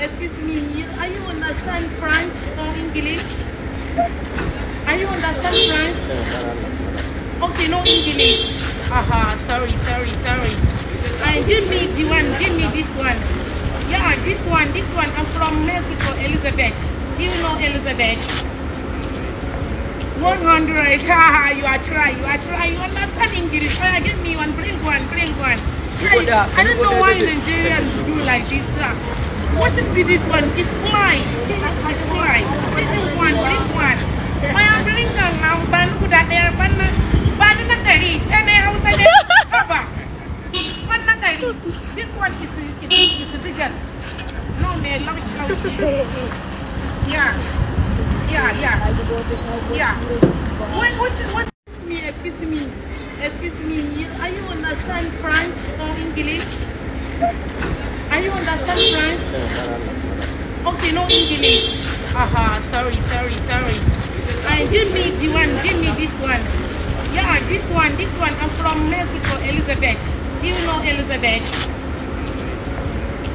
Excuse me, are you understand French or English? Are you understand French? Okay, no English. Aha, sorry, sorry, sorry. And give me the one, give me this one. Yeah, this one, this one. I'm from Mexico, Elizabeth. Do You know Elizabeth. 100. Haha, you are trying, you are trying. You understand English. Try give me one, bring one, bring one. Hey, I don't know why Nigerians do like this. What is this one? It's flying. It's flying. This is one, this one. My umbilical now, ban kuda there, ban ban na kari, and they house and haba. Ban na kari. Eh, this one is is is bigger. No, they large house. Yeah, yeah, yeah, yeah. What what what? Excuse me, excuse me, excuse me. Are you understand French or English? Are you understand French? Okay, no English. Aha, sorry, sorry, sorry. And give me the one, give me this one. Yeah, this one, this one. I'm from Mexico, Elizabeth. You know Elizabeth.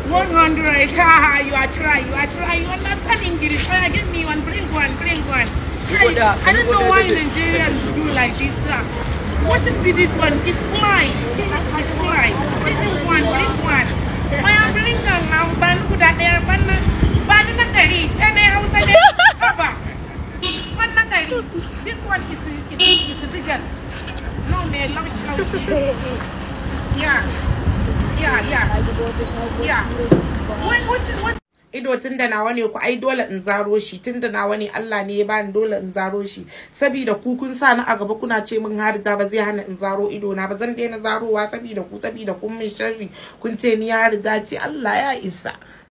100. Haha, you are trying, you are trying. You are English. Oh, yeah, give me one, bring one, bring one. I, I don't know why Nigerians do like this. What is this one? It's fly. It's fly. ido tun da nawa ne ku ai dole in zaro shi tun da nawa ne Allah ne ya bani dole in zaro shi saboda ku kun sa ni a gaba kuna ce min harita ba zai hana in zaro ido na ba zan daina zarowa saboda ku saboda kun min sharri kun ce ni harita ce Allah ya isa